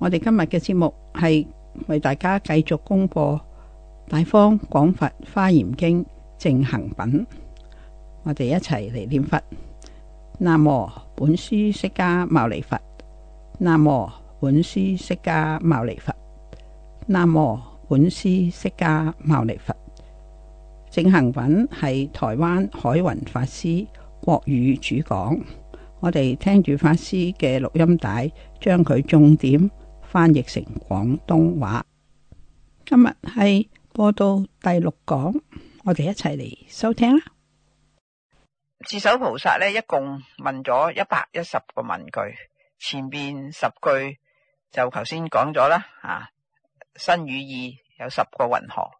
我哋今日嘅節目係為大家繼續公布《大方廣佛花嚴經正行品》，我哋一齊嚟念佛。南無本師釋迦牟尼佛。南無本師釋迦牟尼佛。南無本師釋迦牟尼佛。正行品係台灣海雲法師國語主講，我哋聽住法師嘅錄音帶，將佢重點。翻譯成廣東話。今日係播到第六講，我哋一齊嚟收聽啦。自首菩薩呢，一共問咗一百一十個問句，前邊十句就頭先講咗啦。啊，身語意有十個雲何，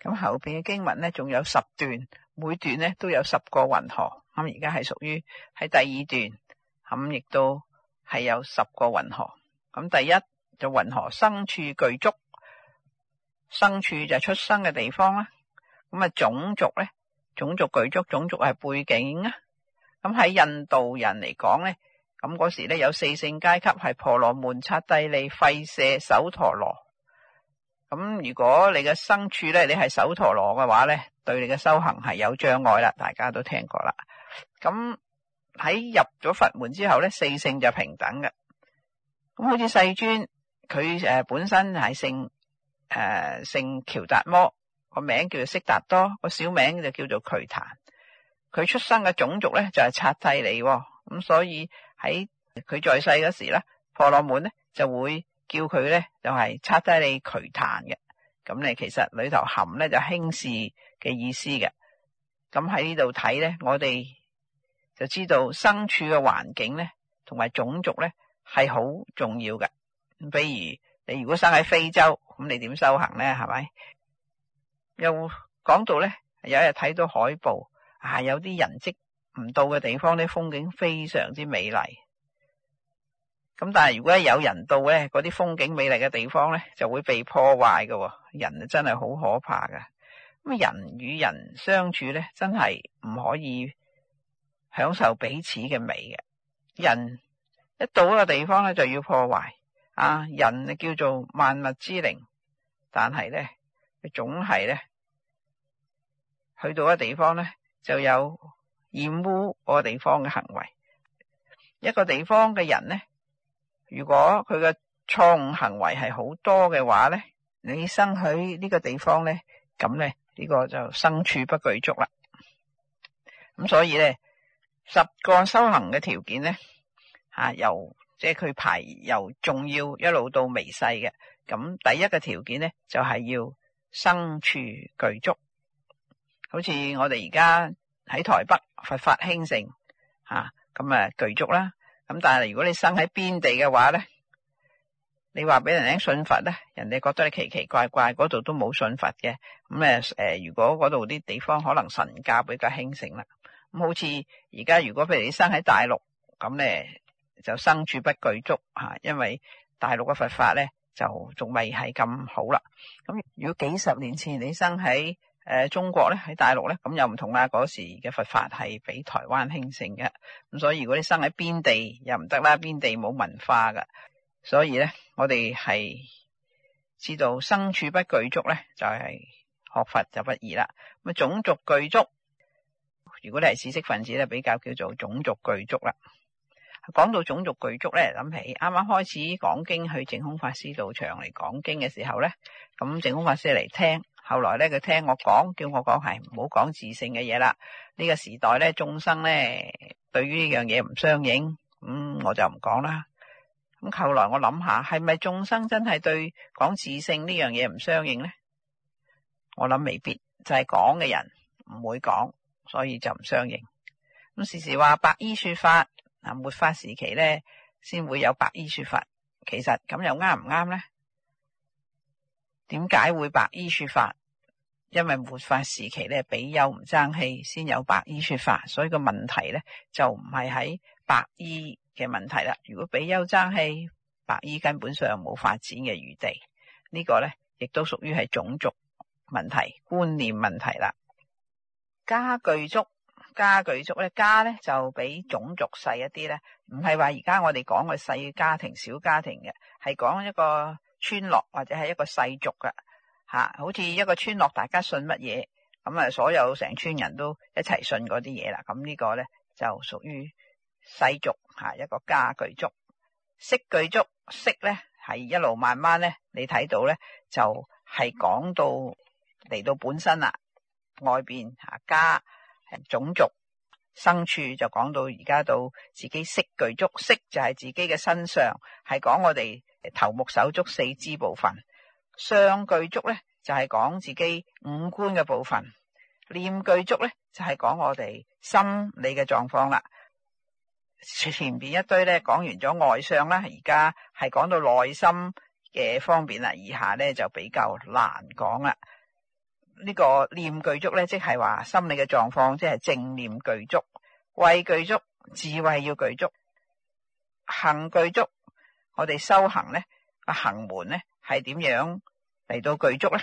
咁後邊嘅經文呢，仲有十段，每段呢都有十個雲何。咁而家係屬於喺第二段，咁亦都係有十個雲何。咁第一就雲何生處具足，生處就是出生嘅地方啦。咁啊種族咧，種族具足，種族係背景啊。咁喺印度人嚟講咧，咁嗰時咧有四姓階級係婆羅門、剎帝利、吠舍、首陀羅。咁如果你嘅生處咧，你係首陀羅嘅話咧，對你嘅修行係有障礙啦。大家都聽過啦。咁喺入咗佛門之後咧，四姓就平等嘅。咁好似世尊，佢誒本身係姓誒、呃、姓喬達摩，個名叫做悉達多，個小名就叫做瞿曇。佢出生嘅種族咧就係剎帝利，咁所以喺佢在世嗰時咧，婆羅門咧就會叫佢咧就係剎帝利瞿曇嘅。咁你其實裏頭含咧就輕視嘅意思嘅。咁喺呢度睇咧，我哋就知道生處嘅環境咧，同埋種族咧。係好重要嘅，比如你如果生喺非洲，咁你點修行呢？係咪？又講到呢，有一日睇到海報，啊，有啲人跡唔到嘅地方，啲風景非常之美麗。咁但係如果有人到呢，嗰啲風景美麗嘅地方呢，就會被破壞嘅。人真係好可怕嘅。咁人與人相處呢，真係唔可以享受彼此嘅美嘅人。一到一個地方咧就要破壞啊！人叫做萬物之靈，但係咧，佢總係咧去到一個地方咧就有染污個地方嘅行為。一個地方嘅人咧，如果佢嘅錯誤行為係好多嘅話咧，你生喺呢個地方咧，咁咧呢個就生處不具足啦。咁所以咧，十個修行嘅條件咧。啊，由即係佢排由重要一路到微細嘅，咁第一個條件咧就係、是、要生處具足，好似我哋而家喺台北佛法興盛吓，咁啊具足啦，咁但係如果你生喺邊地嘅話咧，你話俾人聽信佛咧，人哋覺得你奇奇怪怪，嗰度都冇信佛嘅，咁咧誒，如果嗰度啲地方可能神教比較興盛啦，咁好似而家如果譬如你生喺大陸咁咧。就生處不具足吓，因為大陸嘅佛法咧就仲未係咁好啦。咁如果幾十年前你生喺誒中國咧，喺大陸咧，咁又唔同啦。嗰時嘅佛法係比台灣興盛嘅，咁所以如果你生喺邊地又唔得啦，邊地冇文化噶，所以咧我哋係知道生處不具足咧，就係、是、學佛就不易啦。咁種族具足，如果你係知識分子咧，比較叫做種族具足啦。講到種族具足咧，諗起啱啱開始講經去淨空法師道場嚟講經嘅時候咧，咁淨空法師嚟聽，後來咧佢聽我講，叫我講係唔好講自性嘅嘢啦。呢個時代咧眾生咧對於呢樣嘢唔相應，咁我就唔講啦。咁後來我諗下，係咪眾生真係對講自性呢樣嘢唔相應咧？我諗未必，就係講嘅人唔會講，所以就唔相應。咁時時話白衣說法。嗱，末法時期咧，先會有白衣說法。其實咁又啱唔啱咧？點解會白衣說法？因為末法時期咧，比丘唔爭氣，先有白衣說法。所以個問題咧，就唔係喺白衣嘅問題啦。如果比丘爭氣，白衣根本上冇發展嘅餘地。這個、呢個咧，亦都屬於係種族問題、觀念問題啦。家具足。家具族咧，家咧就比種族細一啲咧，唔係話而家我哋講個細家庭、小家庭嘅，係講一個村落或者係一個世族嘅吓，好似一個村落，村落大家信乜嘢咁啊？所有成村人都一齊信嗰啲嘢啦，咁、呢、呢個咧就屬於世族吓，一個家具族，識具族，識咧係一路慢慢咧，你睇到咧就係講到嚟到本身啦，外邊吓家。種族生處就講到而家到自己識具足，識就係自己嘅身上，係講我哋頭目手足四肢部分。相具足咧就係、是、講自己五官嘅部分，念具足咧就係、是、講我哋心理嘅狀況啦。前邊一堆咧講完咗外相啦，而家係講到內心嘅方面啦，以下咧就比較難講啦。呢個念具足咧，即係話心理嘅狀況，即係正念具足、畏具足、智慧要具足、行具足。我哋修行咧，行門咧係點樣嚟到具足咧？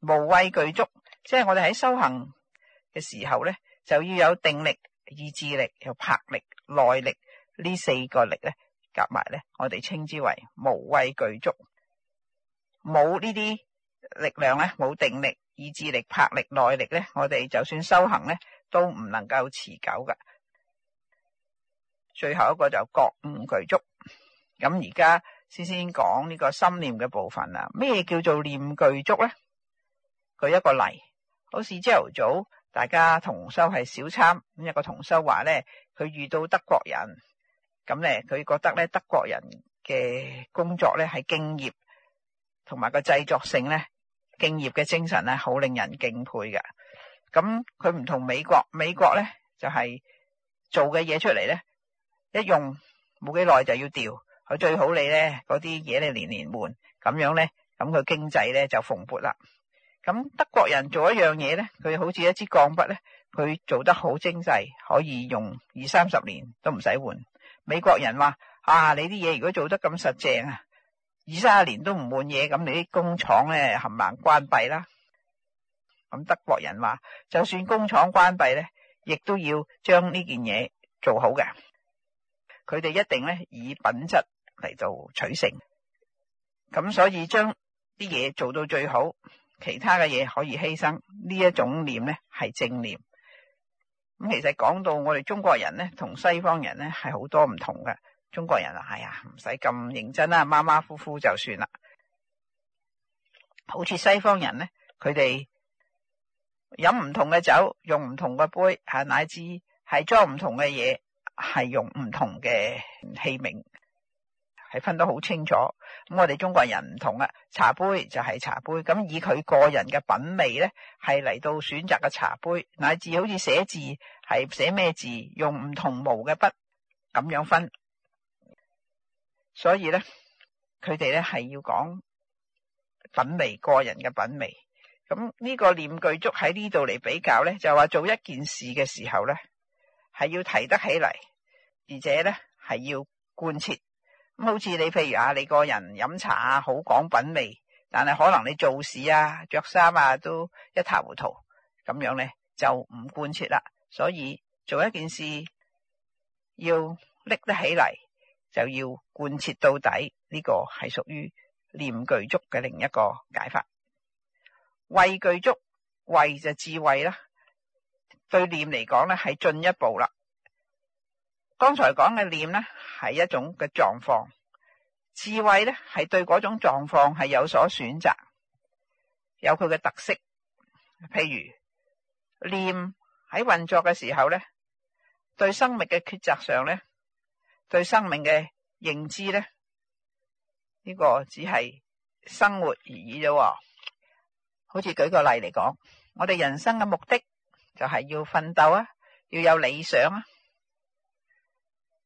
無畏具足，即係我哋喺修行嘅時候咧，就要有定力、意志力、有魄力、耐力。呢四個力咧，夾埋咧，我哋稱之為無畏具足。冇呢啲。力量咧冇定力、意志力、魄力、耐力咧，我哋就算修行咧，都唔能夠持久噶最後一個就覺悟具足。咁而家先先講呢個心念嘅部分啦。咩叫做念具足咧？舉一個例，好似朝頭早大家同修係小參，咁一個同修話咧，佢遇到德國人，咁咧佢覺得咧德國人嘅工作咧係敬業，同埋個製作性咧。敬業嘅精神咧，好令人敬佩嘅。咁佢唔同美國，美國咧就係做嘅嘢出嚟咧，一用冇幾耐就要掉。佢最好你咧嗰啲嘢咧年年換，咁樣咧，咁佢經濟咧就蓬勃啦。咁德國人做一樣嘢咧，佢好似一支鋼筆咧，佢做得好精細，可以用二三十年都唔使換。美國人話：啊，你啲嘢如果做得咁實淨啊！二三十年都唔換嘢，咁你啲工廠咧冚唪唥關閉啦。咁德國人話，就算工廠關閉咧，亦都要將呢件嘢做好嘅。佢哋一定咧以品質嚟做取勝。咁所以將啲嘢做到最好，其他嘅嘢可以犧牲。呢一種念咧係正念。咁其實講到我哋中國人咧，同西方人咧係好多唔同嘅。中國人啊，係、哎、啊，唔使咁認真啦，馬馬虎虎就算啦。好似西方人呢，佢哋飲唔同嘅酒，用唔同嘅杯吓，乃至係裝唔同嘅嘢，係用唔同嘅器皿，係分得好清楚。咁我哋中國人唔同呀，茶杯就係茶杯，咁以佢個人嘅品味呢，係嚟到選擇嘅茶杯，乃至好似寫字係寫咩字，用唔同毛嘅筆咁樣分。所以咧，佢哋咧係要講品味，個人嘅品味。咁呢個念具足喺呢度嚟，比較咧，就話，是，做一件事嘅時候咧，係要提得起嚟，而且咧係要貫徹。咁好似你譬如啊，你個人飲茶啊，好講品味，但係可能你做事啊，着衫啊，都一塌糊塗，咁樣咧就唔貫徹啦。所以做一件事要拎得起嚟。就要貫徹到底，呢個係屬於念具足嘅另一個解法。慧具足，慧就智慧啦。對念嚟講咧，係進一步啦。剛才講嘅念咧，係一種嘅狀況。智慧咧，係對嗰種狀況係有所選擇，有佢嘅特色。譬如念喺運作嘅時候咧，對生命嘅抉擇上咧。對生命嘅認知咧，呢個只係生活而已啫。好似舉個例嚟講，我哋人生嘅目的就係要奮鬥啊，要有理想啊。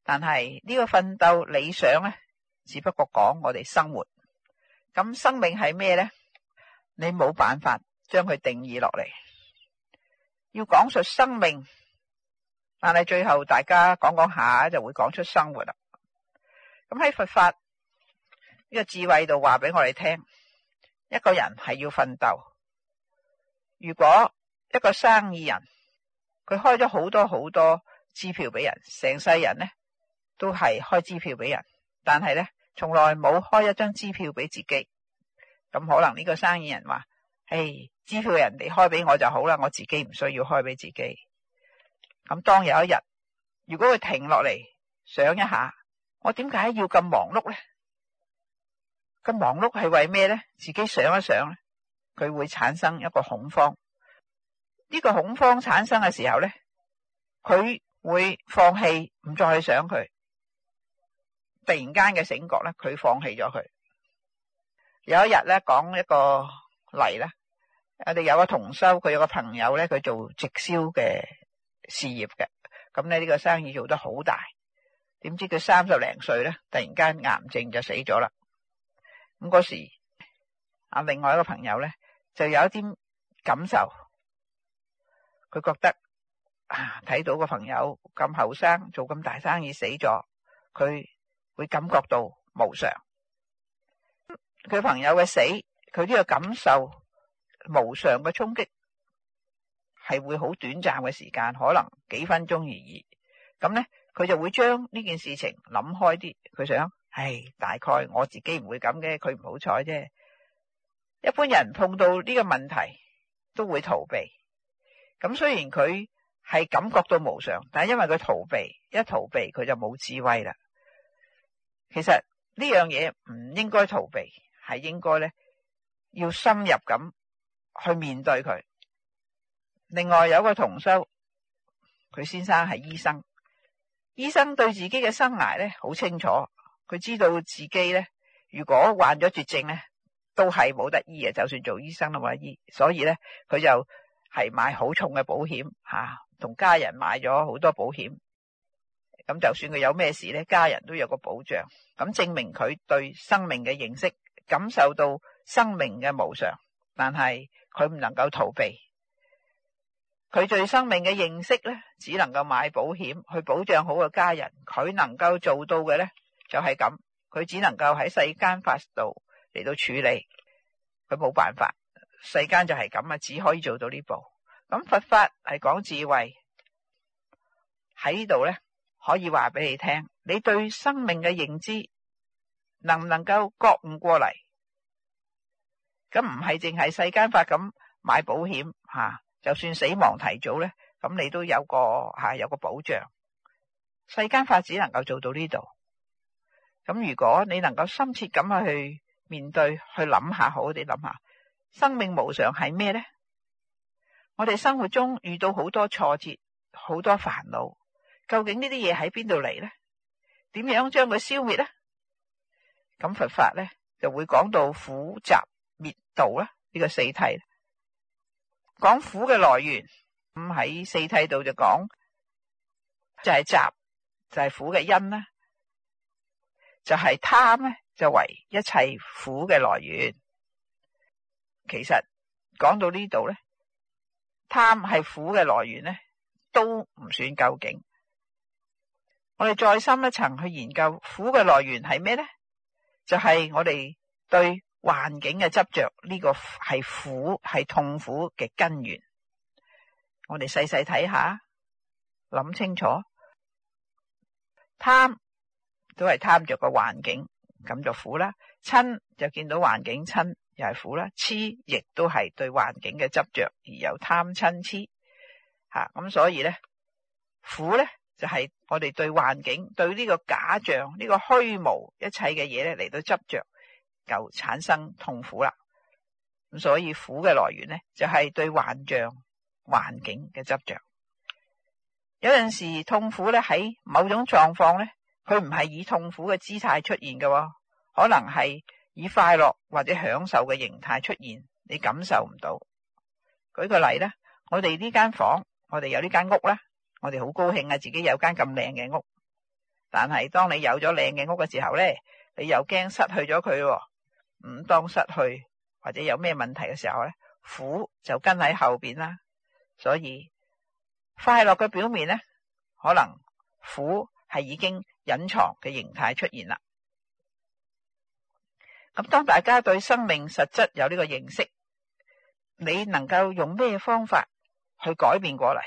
但係呢個奮鬥理想咧，只不過講我哋生活。咁生命係咩咧？你冇辦法將佢定義落嚟。要講述生命。但係最後大家講講下，就會講出生活啦。咁喺佛法呢個智慧度話俾我哋聽，一個人係要奮鬥。如果一個生意人佢開咗好多好多支票俾人，成世人呢都係開支票俾人，但係呢從來冇開一張支票俾自己。咁可能呢個生意人話：唉，支票的人哋開俾我就好啦，我自己唔需要開俾自己。咁當有一日，如果佢停落嚟想一下，我點解要咁忙碌咧？咁忙碌係為咩咧自己想一想，佢會產生一個恐慌。呢個恐慌產生嘅時候咧，佢會放棄唔再去想佢。突然間嘅醒覺咧，佢放棄咗佢。有一日咧，講一個例咧，我哋有個同修，佢有個朋友咧，佢做直銷嘅。事業嘅，咁咧呢個生意做得好大，點知佢三十零歲咧，突然間癌症就死咗啦。咁嗰時，啊另外一個朋友咧，就有一啲感受，佢覺得啊，睇到個朋友咁後生做咁大生意死咗，佢會感覺到無常。佢朋友嘅死，佢都有感受無常嘅衝擊。係會好短暫嘅時間，可能幾分鐘而已。咁咧，佢就會將呢件事情諗開啲。佢想，唉、哎，大概我自己唔會咁嘅，佢唔好彩啫。一般人碰到呢個問題都會逃避。咁雖然佢係感覺到無常，但係因為佢逃避，一逃避佢就冇智慧啦。其實呢樣嘢唔應該逃避，係應該咧要深入咁去面對佢。另外有個同修，佢先生係醫生，醫生對自己嘅生涯咧好清楚，佢知道自己咧如果患咗絕症咧都係冇得醫嘅，就算做醫生都冇得醫。所以咧佢就係買好重嘅保險吓，同、啊、家人買咗好多保險。咁就算佢有咩事咧，家人都有個保障。咁證明佢對生命嘅認識，感受到生命嘅無常，但係佢唔能夠逃避。佢對生命嘅認識咧，只能夠買保險去保障好個家人。佢能夠做到嘅咧，就係咁。佢只能夠喺世間法度嚟到處理，佢冇辦法。世間就係咁啊，只可以做到呢步。咁佛法係講智慧，喺度咧可以話俾你聽，你對生命嘅認知能唔能夠覺悟過嚟？咁唔係淨係世間法咁買保險吓。就算死亡提早咧，咁你都有個吓、啊，有個保障。世間法只能夠做到呢度。咁如果你能夠深切咁去面對，去諗下好，我哋諗下生命無常係咩咧？我哋生活中遇到好多挫折，好多煩惱，究竟呢啲嘢喺邊度嚟咧？點樣將佢消滅咧？咁佛法咧就會講到苦集滅道啦，呢、呢個四諦。講苦嘅來源，咁喺四諦度就講就係集就係苦嘅因啦，就係、是就是就是、貪咧就為一切苦嘅來源。其實講到呢度咧，貪係苦嘅來源咧都唔算究竟。我哋再深一層去研究苦嘅來源係咩咧？就係、是、我哋對。環境嘅執着，呢、這個係苦，係痛苦嘅根源。我哋細細睇下，諗清楚，貪都係貪着個環境，咁就苦啦。親就見到環境親，又係苦啦。痴亦都係對環境嘅執着，而又貪親痴。吓、啊、咁，所以呢，苦呢，就係、是、我哋對環境、對呢個假象、呢、這個虛無一切嘅嘢咧嚟到執着。就產生痛苦啦，咁所以苦嘅來源咧，就係對幻象、環境嘅執着。有陣時痛苦咧喺某種狀況咧，佢唔係以痛苦嘅姿態出現嘅喎，可能係以快樂或者享受嘅形態出現，你感受唔到。舉個例咧，我哋呢間房，我哋有呢間屋啦，我哋好高興啊，自己有間咁靚嘅屋。但係當你有咗靚嘅屋嘅時候咧，你又驚失去咗佢喎。唔，當失去或者有咩問題嘅時候咧，苦就跟喺後邊啦。所以快樂嘅表面咧，可能苦係已經隱藏嘅形態出現啦。咁當大家對生命實質有呢個認識，你能夠用咩方法去改變過嚟？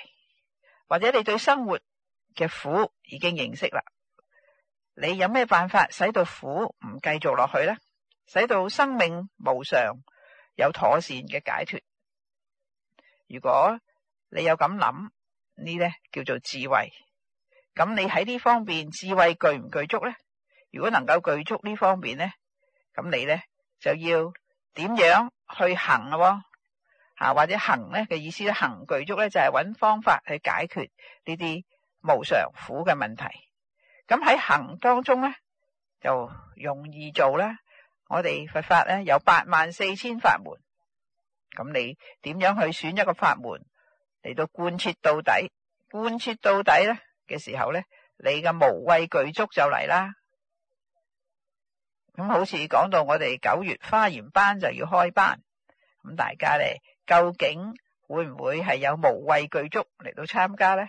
或者你對生活嘅苦已經認識啦，你有咩辦法使到苦唔繼續落去咧？使到生命無常有妥善嘅解脫。如果你有咁諗呢，呢叫做智慧。咁你喺呢方面智慧具唔具足咧？如果能夠具足呢方面咧，咁你咧就要點樣去行咯？吓，或者行咧嘅意思咧，行具足咧就係揾方法去解決呢啲無常苦嘅問題。咁喺行當中咧就容易做啦。我哋佛法咧有八萬四千法門，咁你點樣去選一個法門嚟到貫徹到底？貫徹到底咧嘅時候咧，你嘅無畏具足就嚟啦。咁好似講到我哋九月花園班就要開班，咁大家咧究竟會唔會係有無畏具足嚟到參加咧？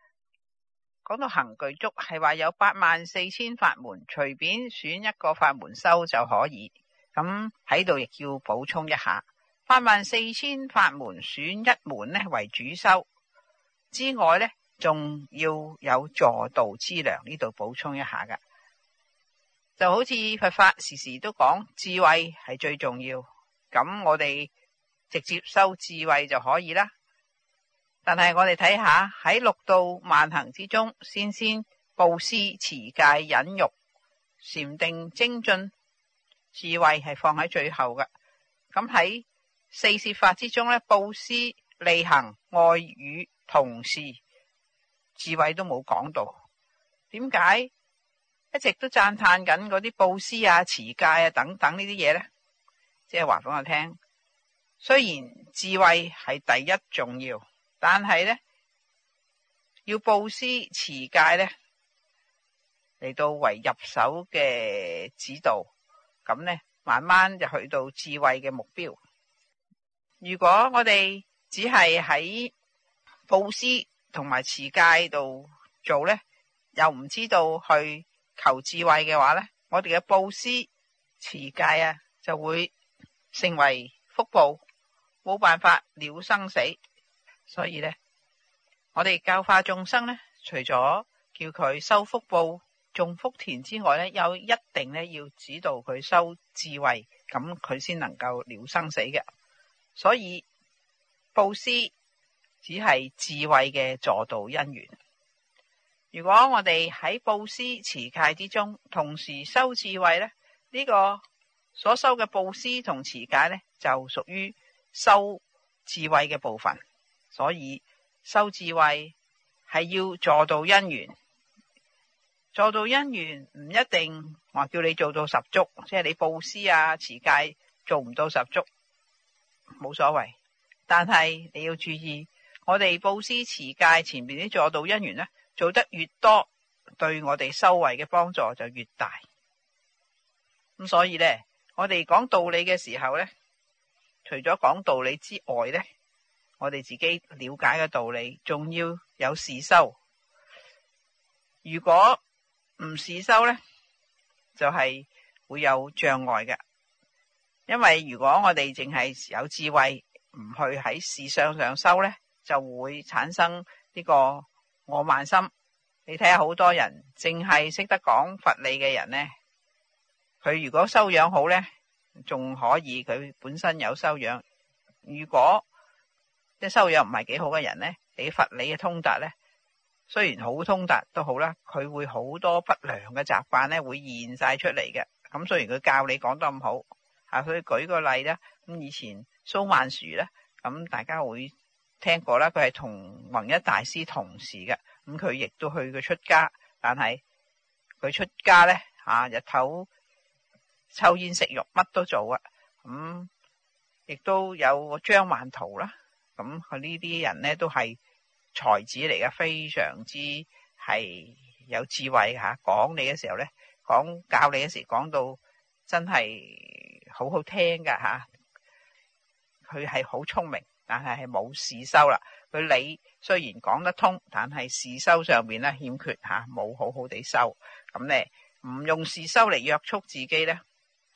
講到行具足，係話有八萬四千法門，隨便選一個法門修就可以。咁喺度亦要補充一下，八萬四千法門選一門咧為主修之外呢，仲要有助道之糧。呢度補充一下噶，就好似佛法時時都講智慧係最重要。咁我哋直接修智慧就可以啦。但係我哋睇下喺六度萬行之中，先先布施、持戒、忍辱、禪定、精進，智慧係放喺最後嘅。咁喺四攝法之中咧，布施、利行、愛語、同事，智慧都冇講到。點解一直都讚歎緊嗰啲布施啊、持戒啊等等呢啲嘢咧？即係話俾我聽，雖然智慧係第一重要。但係咧，要布施持戒咧，嚟到為入手嘅指導，咁咧慢慢就去到智慧嘅目標。如果我哋只係喺布施同埋持戒度做咧，又唔知道去求智慧嘅話咧，我哋嘅布施持戒啊，就會成為福報，冇辦法了生死。所以咧，我哋教化眾生咧，除咗叫佢修福報、種福田之外咧，又一定咧要指導佢修智慧，咁佢先能夠了生死嘅。所以布施只係智慧嘅助道因緣。如果我哋喺布施持戒之中同時修智慧咧，呢、這個所修嘅布施同持戒咧，就屬於修智慧嘅部分。所以修智慧係要助道因緣。助道因緣唔一定話叫你做到十足，即係你布施啊、持戒做唔到十足，冇所謂。但係你要注意，我哋布施持戒前面啲助道因緣咧，做得越多，對我哋修慧嘅幫助就越大。咁所以咧，我哋講道理嘅時候咧，除咗講道理之外咧，我哋自己了解嘅道理，仲要有事修。如果唔事修咧，就係會有障礙嘅。因為如果我哋淨係有智慧，唔去喺事上上修咧，就會產生呢個我慢心。你睇下，好多人淨係識得講佛理嘅人咧，佢如果修養好咧，仲可以佢本身有修養。如果，即係修養唔係幾好嘅人咧，你佛理嘅通達咧，雖然通達好通達都好啦，佢會好多不良嘅習慣咧，會現晒出嚟嘅。咁雖然佢教你講得咁好，啊，所以舉個例啦，咁以前蘇曼殊咧，咁大家會聽過啦，佢係同弘一大師同時嘅，咁佢亦都去佢出家，但係佢出家咧，日頭抽煙食肉，乜都做啊，咁亦都有張曼濤啦。咁佢呢啲人咧都係才子嚟嘅，非常之係有智慧吓。講你嘅時候咧，講教你嘅時，講到真係好好聽噶吓。佢係好聰明，但係係冇事修啦。佢理雖然講得通，但係事修上面咧欠缺吓，冇好好地修。咁咧唔用事修嚟約束自己咧，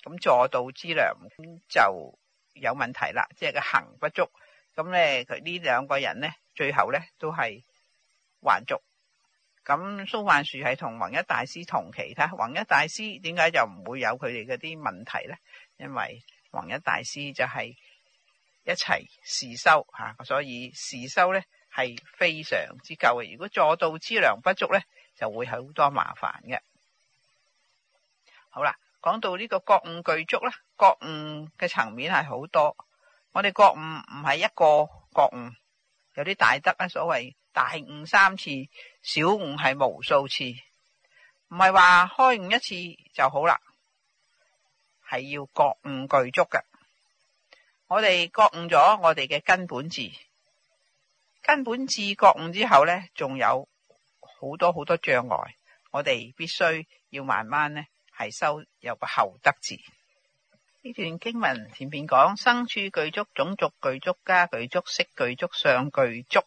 咁助道之良就有問題啦，即係個行不足。咁咧，佢呢兩個人咧，最後咧都係還俗。咁蘇曼殊係同弘一大師同期，睇下弘一大師點解就唔會有佢哋嗰啲問題咧？因為弘一大師就係一齊時修吓，所以時修咧係非常之夠嘅。如果做到資糧不足咧，就會係好多麻煩嘅。好啦，講到呢個覺悟具足啦，覺悟嘅層面係好多。我哋覺悟唔係一個覺悟，有啲大德啊，所謂大悟三次，小悟係無數次，唔係話開悟一次就好啦，係要覺悟具足嘅。我哋覺悟咗我哋嘅根本智，根本智覺悟之後咧，仲有好多好多障礙，我哋必須要慢慢咧係修有個後得智。呢段經文前邊講生處具足，種族具足，家具足，識具足，上具足。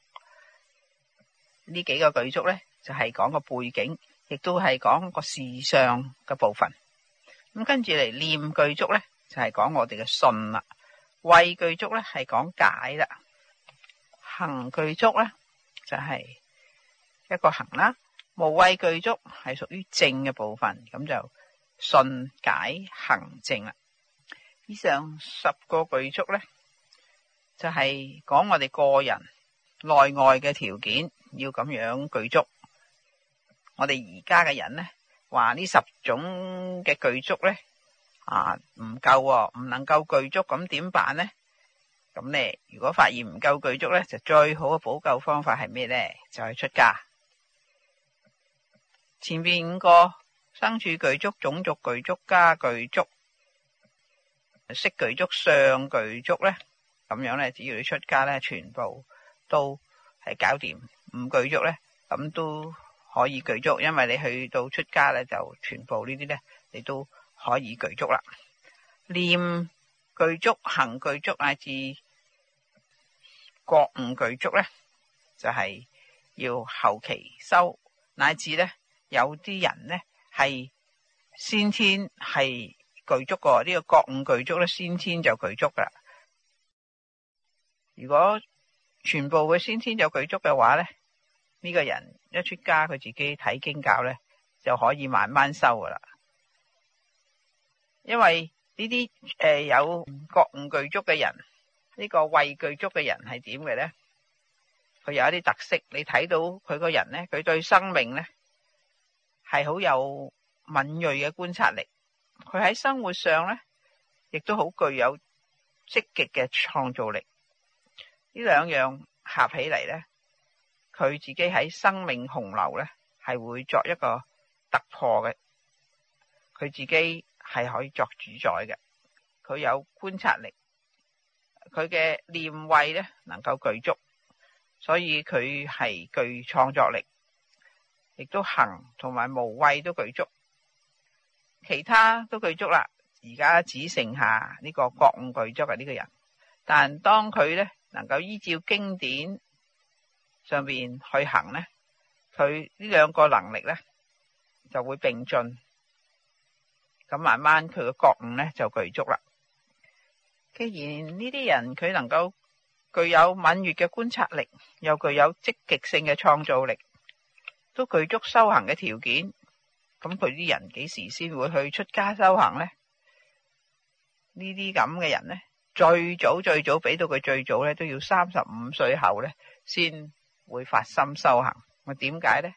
呢幾個具足咧，就係講個背景，亦都係講個事上嘅部分。咁跟住嚟念具足咧，就係講我哋嘅信啦；畏具足咧，係講解啦；行具足咧，就係一個行啦。無畏具足係屬於正嘅部分，咁就信解行正啦。以上十個具足呢，就係講我哋個人內外嘅條件要咁樣具足。我哋而家嘅人呢，話呢十種嘅具足呢，啊唔夠，唔能夠具足，咁點辦呢？咁呢，你如果發現唔夠具足呢，就最好嘅補救方法係咩呢？就係出家。前邊五個生處具足、種族具足、家具足。識具足、上具足咧，咁樣咧，只要你出家咧，全部都係搞掂。唔具足咧，咁都可以具足，因為你去到出家咧，就全部呢啲咧，你都可以具足啦。念具足、行具足啊，至覺悟具足咧，就係要後期修，乃至咧，有啲人咧係先天係。具足個呢個覺悟具足咧，先天就具足噶啦。如果全部嘅先天就具足嘅話咧，呢個人一出家佢自己睇經教咧，就可以慢慢修噶啦。因為呢啲誒有覺悟具足嘅人，呢個慧具足嘅人係點嘅咧？佢有一啲特色，你睇到佢個人咧，佢對生命咧係好有敏銳嘅觀察力。佢喺生活上咧，亦都好具有積極嘅創造力。呢兩樣合起嚟咧，佢自己喺生命洪流咧係會作一個突破嘅。佢自己係可以作主宰嘅。佢有觀察力，佢嘅念慧咧能夠具足，所以佢係具創作力，亦都行同埋無畏都具足。其他都具足啦，而家只剩下呢個覺悟具足嘅呢個人。但當佢呢能夠依照經典上邊去行呢，佢呢兩個能力呢就會併進，咁慢慢佢嘅覺悟呢就具足啦。既然呢啲人佢能夠具有敏銳嘅觀察力，又具有積極性嘅創造力，都具足修行嘅條件。咁佢啲人幾時先會去出家修行呢？呢啲咁嘅人呢，最早最早俾到佢最早呢都要三十五歲後呢，先會發心修行。我點解呢？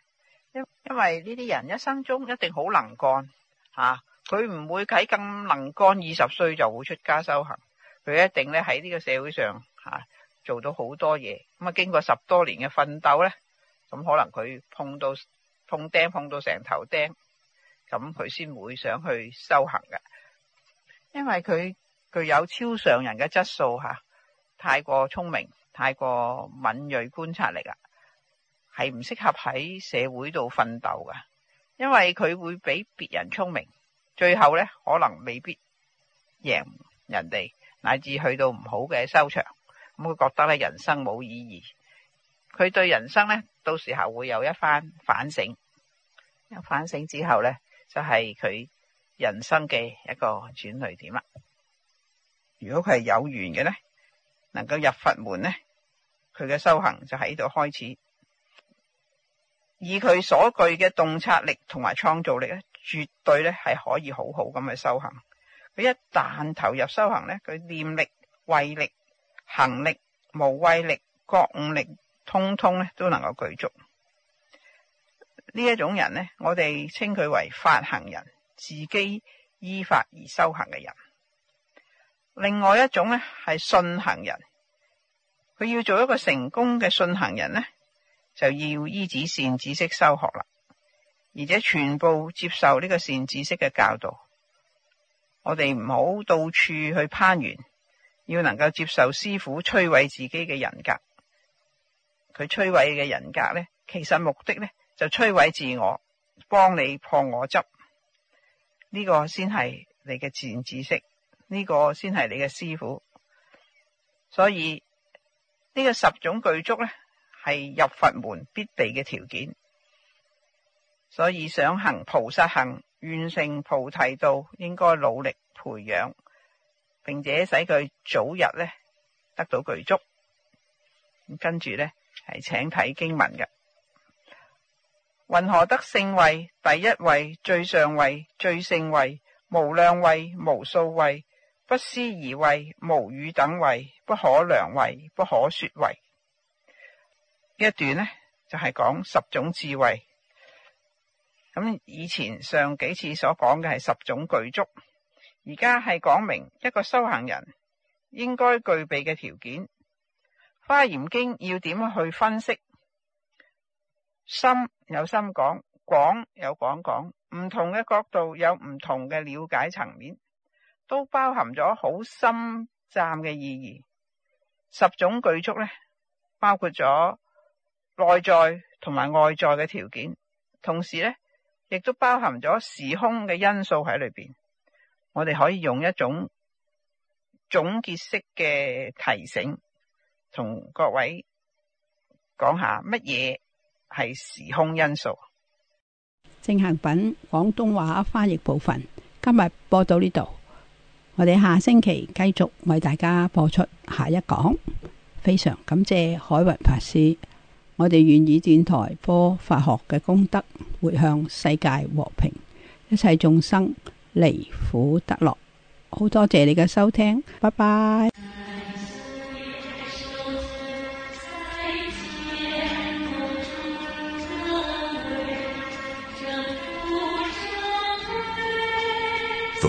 因因為呢啲人一生中一定好能幹，吓佢唔會喺咁能幹二十歲就會出家修行。佢一定呢喺呢個社會上吓、啊、做到好多嘢。咁啊，經過十多年嘅奮鬥呢，咁可能佢碰到碰釘，碰，碰到成頭釘。咁佢先會想去修行㗎，因為佢具有超常人嘅質素吓、啊，太過聰明，太過敏銳觀察力啦，係唔適合喺社會度奮鬥㗎。因為佢會比別人聰明，最後呢，可能未必贏人哋，乃至去到唔好嘅收場。咁佢覺得咧人生冇意義，佢對人生呢，到時候會有一番反省，反省之後呢。就係佢人生嘅一個轉捩點啦。如果佢係有緣嘅呢，能夠入佛門呢，佢嘅修行就喺度開始。以佢所具嘅洞察力同埋創造力咧，絕對咧係可以好好咁去修行。佢一旦投入修行呢，佢念力、慧力、行力、無畏力、覺悟力，通通咧都能夠具足。.呢一種人呢，我哋稱佢為法行人，自己依法而修行嘅人。另外一種呢，係信行人，佢要做一個成功嘅信行人呢，就要依止善知識修學啦，而且全部接受呢個善知識嘅教導。我哋唔好到處去攀緣，要能夠接受師父摧毀自己嘅人格。佢摧毀嘅人格呢，其實目的呢。就摧毀自我，幫你破我執，呢個先係你嘅自然知識，呢個先係你嘅師傅。所以呢個十種具足咧，係入佛門必備嘅條件。所以想行菩薩行、願成菩提道，應該努力培養，並且使佢早日咧得到具足。跟住咧係請睇經文嘅。云何得勝位？第一位、最上位、最勝位、無量位、無數位，不思而位，無與等位，不可量位，不可說位。一段呢，就係、是、講十種智慧。咁以前上幾次所講嘅係十種具足，而家係講明一個修行人應該具備嘅條件。《花嚴經》要點樣去分析心？有心講，講，有講講，講，唔同嘅角度有唔同嘅了解層面，都包含咗好深湛嘅意義。十種具足咧，包括咗內在同埋外在嘅條件，同時咧亦都包含咗時空嘅因素喺裏邊。我哋可以用一種總結式嘅提醒，同各位講下乜嘢。係時空因素。正行品廣東話翻譯部分，今日播到呢度，我哋下星期繼續為大家播出下一講。非常感謝海雲法師，我哋願以電台播法學嘅功德，迴向世界和平，一切眾生離苦得樂。好多謝你嘅收聽，拜拜。